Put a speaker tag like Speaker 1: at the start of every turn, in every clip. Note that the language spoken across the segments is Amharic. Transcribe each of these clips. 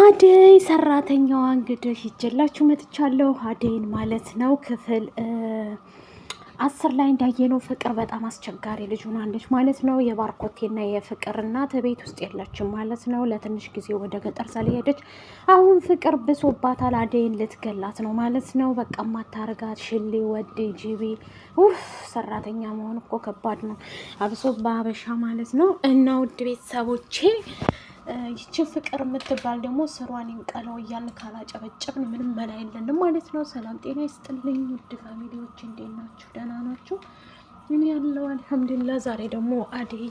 Speaker 1: አደይ ሰራተኛዋ እንግዲህ ይጀላችሁ መጥቻለሁ። አደይን ማለት ነው ክፍል አስር ላይ እንዳየነው ፍቅር በጣም አስቸጋሪ ልጅ ሆናለች ማለት ነው። የባርኮቴና የፍቅር እናት ቤት ውስጥ የለችም ማለት ነው። ለትንሽ ጊዜ ወደ ገጠር ስለሄደች አሁን ፍቅር ብሶባታል። አደይን ልትገላት ነው ማለት ነው። በቃ ማታርጋት ሽሌ ወዴ ጂቢ ውፍ ሰራተኛ መሆን እኮ ከባድ ነው፣ አብሶ በሀበሻ ማለት ነው። እና ውድ ቤተሰቦቼ ይቺ ፍቅር የምትባል ደግሞ ስሯን ይንቀለው እያልን ካላጨበጨብን ምንም መላ የለንም ማለት ነው። ሰላም ጤና ይስጥልኝ ውድ ፋሚሊዎች፣ እንዴት ናችሁ? ደህና ናችሁ? ምን ያለው አልሐምዱሊላ። ዛሬ ደግሞ አደይ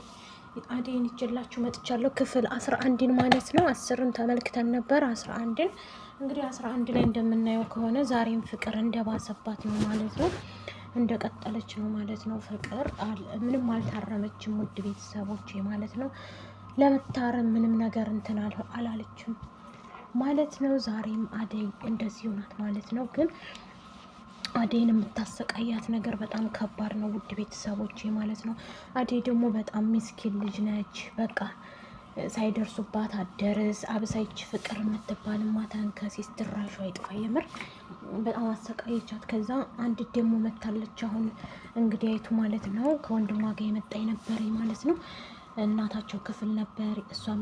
Speaker 1: አደይን ይዤላችሁ መጥቻለሁ። ክፍል አስራ አንድን ማለት ነው። አስርን ተመልክተን ነበር። አስራ አንድን እንግዲህ አስራ አንድ ላይ እንደምናየው ከሆነ ዛሬም ፍቅር እንደባሰባት ነው ማለት ነው። እንደቀጠለች ነው ማለት ነው። ፍቅር ምንም አልታረመችም ውድ ቤተሰቦቼ ማለት ነው። ለመታረም ምንም ነገር እንትን አላለችም ማለት ነው። ዛሬም አደይ እንደዚህ ሆናት ማለት ነው። ግን አደይን የምታሰቃያት ነገር በጣም ከባድ ነው፣ ውድ ቤተሰቦች ማለት ነው። አደይ ደግሞ በጣም ሚስኪን ልጅ ነች። በቃ ሳይደርሱባት አደርስ አብሳይች ፍቅር የምትባል ማታን ከሴት ድራሹ አይጥፋ። የምር በጣም አሰቃየቻት። ከዛ አንድ ደግሞ መታለች። አሁን እንግዲህ አይቱ ማለት ነው ከወንድሟ ጋር የመጣ የነበረ ማለት ነው እናታቸው ክፍል ነበር። እሷም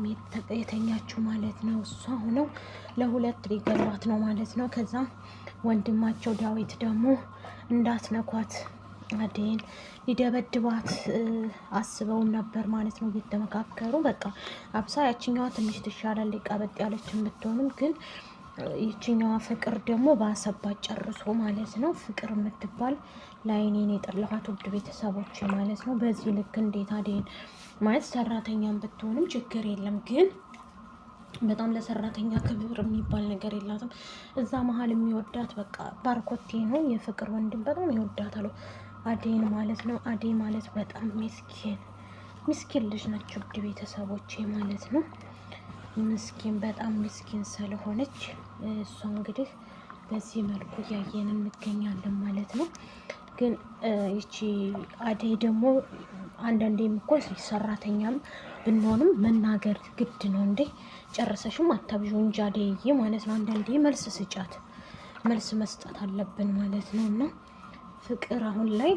Speaker 1: የተኛችው ማለት ነው። እሷ ሆነው ለሁለት ሊገሏት ነው ማለት ነው። ከዛ ወንድማቸው ዳዊት ደግሞ እንዳትነኳት አዴን ሊደበድባት አስበውም ነበር ማለት ነው። እየተመካከሩ በቃ አብሳ ያችኛዋ ትንሽ ትሻላለች፣ ቀበጥ ያለች ብትሆንም ግን ይችኛዋ ፍቅር ደግሞ በአሰባ ጨርሶ ማለት ነው። ፍቅር የምትባል ላይኔን የጠላኋት ውድ ቤተሰቦች ማለት ነው። በዚህ ልክ እንዴት አደይን ማለት ሰራተኛን ብትሆንም ችግር የለም ግን በጣም ለሰራተኛ ክብር የሚባል ነገር የላትም። እዛ መሀል የሚወዳት በቃ ባርኮቴ ነው። የፍቅር ወንድም በጣም ይወዳታል አደይን ማለት ነው። አደይ ማለት በጣም ሚስኪን ሚስኪን ልጅ ናቸው ውድ ቤተሰቦቼ ማለት ነው። ምስኪን በጣም ምስኪን ስለሆነች እሷ እንግዲህ በዚህ መልኩ እያየን እንገኛለን ማለት ነው። ግን ይቺ አደይ ደግሞ አንዳንዴም እኮ ሰራተኛም ብንሆንም መናገር ግድ ነው እንዴ! ጨረሰሽም አታብዥ እንጂ አደይ ማለት ነው። አንዳንዴ መልስ ስጫት መልስ መስጠት አለብን ማለት ነው። እና ፍቅር አሁን ላይ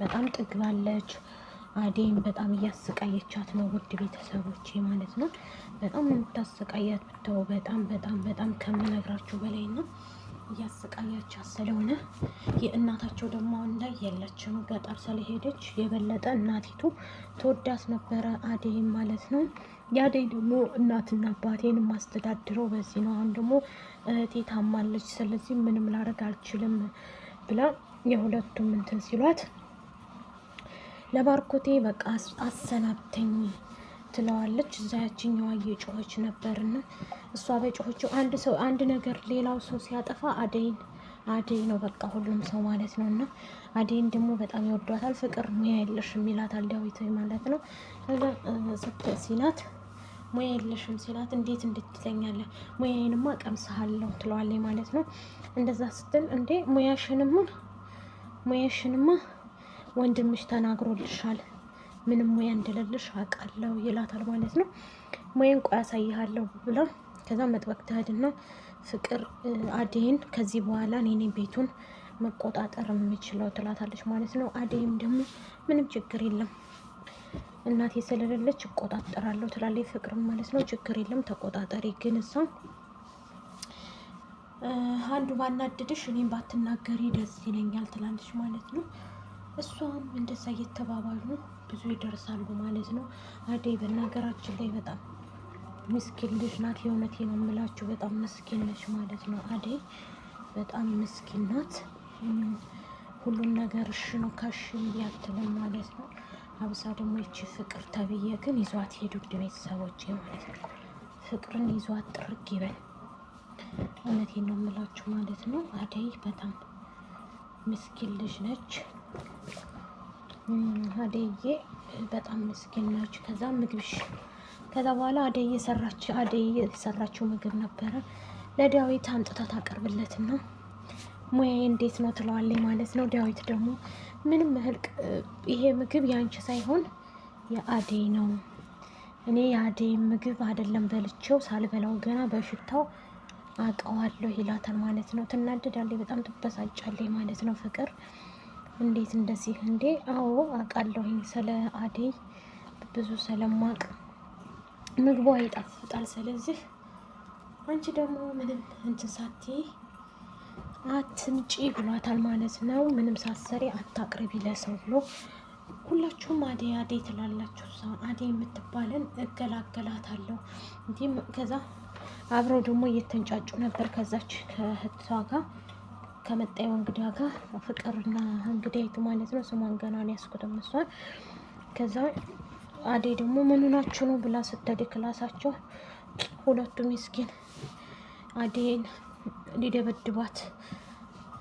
Speaker 1: በጣም ጥግባለች። አዴን በጣም እያሰቃየቻት ነው። ውድ ቤተሰቦቼ ማለት ነው። በጣም የምታሰቃያት ብታው በጣም በጣም በጣም ከምነግራችሁ በላይ ነው እያሰቃያቻት ስለሆነ የእናታቸው ደግሞ አሁን ላይ የለችም፣ ገጠር ስለሄደች የበለጠ እናቲቱ ተወዳት ነበረ አዴይም ማለት ነው። የአዴይ ደግሞ እናትና አባቴን የማስተዳድረው በዚህ ነው። አሁን ደግሞ እህቴ ታማለች፣ ስለዚህ ምንም ላደርግ አልችልም ብላ የሁለቱም እንትን ሲሏት ለባርኮቴ በቃ አሰናብተኝ ትለዋለች። እዛ ያችኛዋ እየጮኸች ነበርና እሷ በጮኸችው አንድ ሰው አንድ ነገር ሌላው ሰው ሲያጠፋ አደይን አደይ ነው በቃ ሁሉም ሰው ማለት ነው። እና አደይን ደግሞ በጣም ይወዷታል። ፍቅር ሙያ የለሽም ይላታል ዳዊት ማለት ነው። ከዛ ሲላት ሙያ የለሽም ሲላት እንዴት እንድትለኛለን ሙያዬንማ ቀምሰሃለሁ ትለዋለች ማለት ነው። እንደዛ ስትል እንዴ ሙያሽንማ ሙያሽንማ ወንድምሽ ተናግሮልሻል ምንም ሙያ እንደሌለሽ አውቃለሁ ይላታል ማለት ነው። ሙያን ቆይ አሳይሃለሁ ብለው ከዛ መጥበቅ ትሄድና ፍቅር አዴይን ከዚህ በኋላ እኔ ቤቱን መቆጣጠር የምችለው ትላታለች ማለት ነው። አዴይም ደግሞ ምንም ችግር የለም እናቴ ስለሌለች እቆጣጠራለሁ ትላለች ፍቅርም ማለት ነው። ችግር የለም ተቆጣጠሪ፣ ግን እሷ አንዱ ባናድድሽ እኔም ባትናገሪ ደስ ይለኛል ትላለች ማለት ነው። እሷም እንደዛ እየተባባሉ ብዙ ይደርሳሉ ማለት ነው። አደይ በነገራችን ላይ በጣም ምስኪን ልጅ ናት። የእውነት ነው የምላችሁ በጣም ምስኪን ነች ማለት ነው። አደይ በጣም ምስኪን ናት። ሁሉን ነገር እሺ ነው ከሽ ያትልም ማለት ነው። አብሳ ደግሞ ይቺ ፍቅር ተብዬ ግን ይዟት ሄዱ ቤተሰቦች ማለት ነው። ፍቅርን ይዟት ጥርግ ይበል። እውነቴን ነው የምላችሁ ማለት ነው። አደይ በጣም ምስኪን ልጅ ነች። አደዬ በጣም ምስኪን ናች። ከዛ ምግብሽ ከዛ በኋላ አደዬ ሰራች አደዬ የሰራችው ምግብ ነበረ ለዳዊት አንጥታ ታቀርብለት ነው። ሙያዬ እንዴት ነው ትለዋለች ማለት ነው። ዳዊት ደግሞ ምንም መልቅ ይሄ ምግብ ያንቺ ሳይሆን የአደይ ነው። እኔ የአደይ ምግብ አይደለም በልቼው ሳልበላው ገና በሽታው አውቀዋለሁ ይላታል ማለት ነው። ትናደዳለች፣ በጣም ትበሳጫለች ማለት ነው ፍቅር እንዴት እንደዚህ እንዴ? አዎ አውቃለሁኝ። ስለ አደይ ብዙ ስለማቅ ምግቧ ይጣፍጣል። ስለዚህ አንቺ ደግሞ ምንም እንትን ሳትይ አትምጪ ብሏታል ማለት ነው። ምንም ሳሰሪ አታቅርቢ ለሰው ብሎ ሁላችሁም አዴ አዴ ትላላችሁ። አዴ የምትባለን እገላገላታለሁ እንዲህ ከዛ አብረው ደግሞ እየተንጫጩ ነበር ከዛች ከህቷ ጋር ከመጣዩ እንግዳ ጋር ፍቅርና እንግዳይቱ ማለት ነው። ስሟን ገና ነው ያስኩትም እሷን። ከዛ አዴ ደግሞ ምን ነው ብላ ስትሄድ ክላሳቸው ሁለቱ ሚስኪን አዴን ሊደበድባት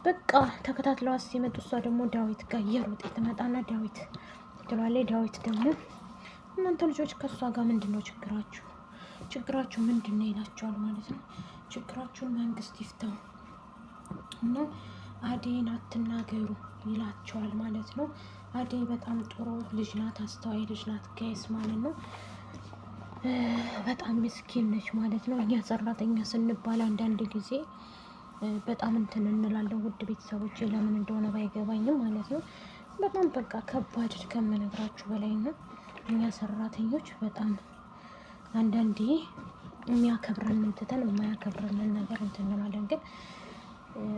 Speaker 1: በቃ ተከታትለዋት ሲመጡ እሷ ደግሞ ዳዊት ጋር እየሮጠች ትመጣና ዳዊት ትላለች። ዳዊት ደግሞ እናንተ ልጆች ከእሷ ጋር ምንድን ነው ችግራችሁ? ችግራችሁ ምንድን ነው ይላቸዋል ማለት ነው። ችግራችሁን መንግስት ይፍታው እና አደይን አትናገሩ ይላቸዋል ማለት ነው። አደይ በጣም ጥሩ ልጅ ናት፣ አስተዋይ ልጅ ናት ጋይስ ማለት ነው። በጣም ምስኪን ነች ማለት ነው። እኛ ሰራተኛ ስንባል አንዳንድ ጊዜ በጣም እንትን እንላለን ውድ ቤተሰቦች፣ ለምን እንደሆነ ባይገባኝም ማለት ነው። በጣም በቃ ከባድ ከምነግራችሁ በላይ ነው። እኛ ሰራተኞች በጣም አንዳንዴ የሚያከብረንን ትተን የማያከብረንን ነገር እንትን እንላለን ግን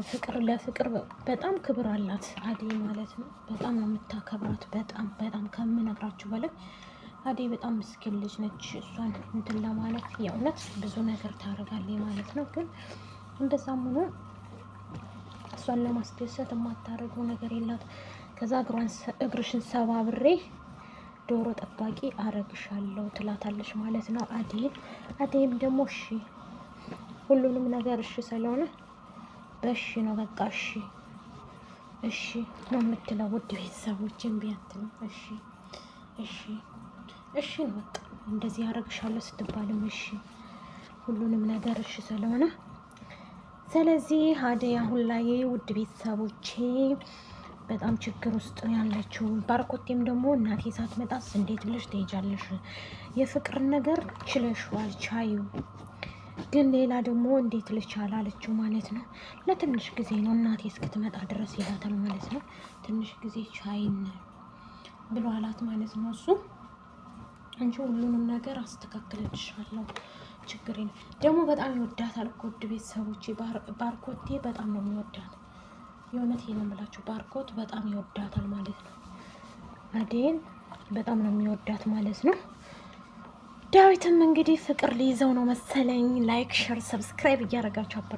Speaker 1: ፍቅር ለፍቅር በጣም ክብር አላት አዴ ማለት ነው። በጣም የምታከብራት በጣም በጣም ከምነግራችሁ በላይ አዴ በጣም ምስኪን ልጅ ነች። እሷን እንትን ለማለት የእውነት ብዙ ነገር ታደርጋለች ማለት ነው። ግን እንደዛም ሆኖ እሷን ለማስደሰት የማታደርገው ነገር የላት። ከዛ እግርሽን ሰባብሬ ዶሮ ጠባቂ አረግሻለሁ ትላታለች ማለት ነው። አዴ። አዴም ደግሞ እሺ ሁሉንም ነገር እሺ ስለሆነ እሺ ነው በቃ እሺ እሺ ነው የምትለው። ውድ ቤተሰቦች ቢያት ነው እሺ እሺ እሺ ነው በቃ እንደዚህ ያደርግሻለሁ ስትባልም እሺ ሁሉንም ነገር እሺ ስለሆነ ስለዚህ አደይ አሁን ላይ ውድ ቤተሰቦቼ በጣም ችግር ውስጥ ያለችው ባርኮቴም ደግሞ እናቴ ሳትመጣስ እንዴት ብለሽ ትሄጃለሽ? የፍቅር ነገር ችለሽዋል ቻዩ ግን ሌላ ደግሞ እንዴት ልቻል አለችው ማለት ነው። ለትንሽ ጊዜ ነው እናቴ እስክትመጣ ድረስ ይላታል ማለት ነው። ትንሽ ጊዜ ቻይን ብሎ አላት ማለት ነው። እሱ እንጂ ሁሉንም ነገር አስተካክልልሻለሁ ችግር ነው። ደግሞ በጣም ይወዳታል እኮ ውድ ቤተሰቦቼ፣ ባርኮቴ በጣም ነው የሚወዳት። የእውነት ነው የምላችሁ ባርኮት በጣም ይወዳታል ማለት ነው። አዴን በጣም ነው የሚወዳት ማለት ነው። ዳዊትም እንግዲህ ፍቅር ሊይዘው ነው መሰለኝ።
Speaker 2: ላይክ ሸር፣ ሰብስክራይብ እያደረጋቸው አበር